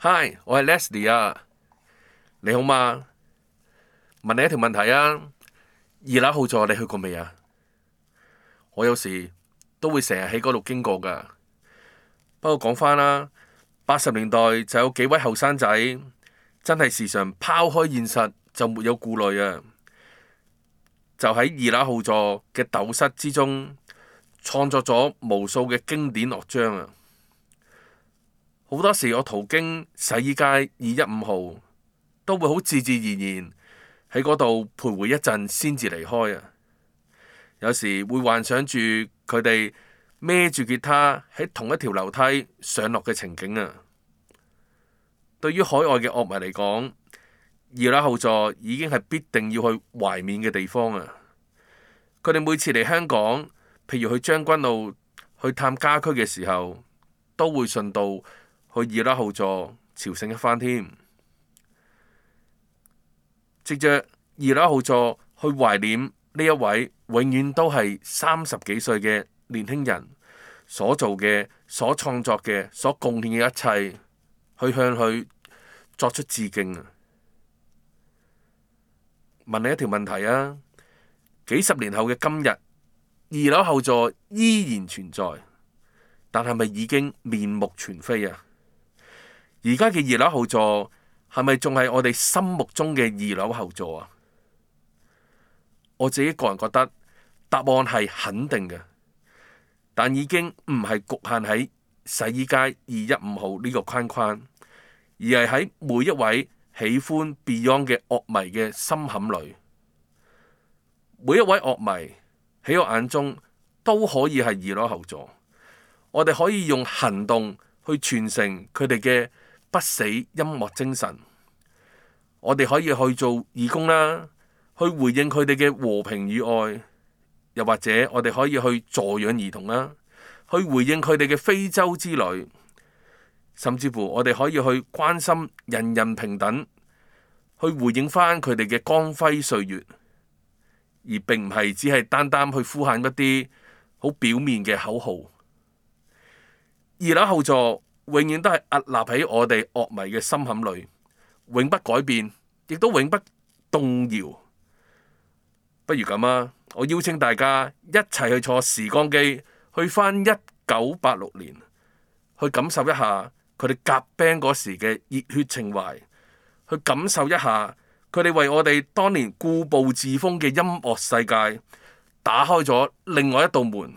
Hi，我係 Leslie 啊。你好嗎？問你一條問題啊。二樓後座你去過未啊？我有時都會成日喺嗰度經過㗎。不過講返啦，八十年代就有幾位後生仔真係時常拋開現實，就沒有顧慮啊。就喺二樓後座嘅斗室之中，創作咗無數嘅經典樂章啊！好多時我途經洗衣街二一五號，都會好自自然然喺嗰度徘徊一陣先至離開啊！有時會幻想住佢哋孭住吉他喺同一條樓梯上落嘅情景啊！對於海外嘅樂迷嚟講，二樓後座已經係必定要去懷緬嘅地方啊！佢哋每次嚟香港，譬如去將軍澳、去探家駒嘅時候，都會順道去二樓後座朝聖一番添，藉著二樓後座去懷念呢一位永遠都係三十幾歲嘅年輕人所做嘅、所創作嘅、所貢獻嘅一切，去向佢作出致敬啊！問你一條問題吖：幾十年後嘅今日，二樓後座依然存在，但係咪已經面目全非呀？而家嘅二樓後座係咪仲係我哋心目中嘅二樓後座啊？我自己個人覺得答案係肯定嘅，但已經唔係局限喺洗衣街二一五號呢個框框，而係喺每一位喜歡 Beyond 嘅樂迷嘅心坎裡。每一位樂迷喺我眼中都可以係二樓後座，我哋可以用行動去傳承佢哋嘅不死音樂精神，我哋可以去做義工啦，去回應佢哋嘅和平與愛；又或者我哋可以去助養兒童啦，去回應佢哋嘅非洲之旅；甚至乎我哋可以去關心人人平等，去回應翻佢哋嘅光輝歲月，而並唔係只係單單去呼喊一啲好表面嘅口號。二樓後座，永遠都係屹立喺我哋樂迷嘅心坎裏，永不改變，亦都永不動搖。不如咁啊，我邀請大家一齊去坐時光機，去返一九八六年，去感受一下佢哋夾 band 嗰時嘅熱血情懷，去感受一下佢哋為我哋當年固步自封嘅音樂世界，打開咗另外一道門。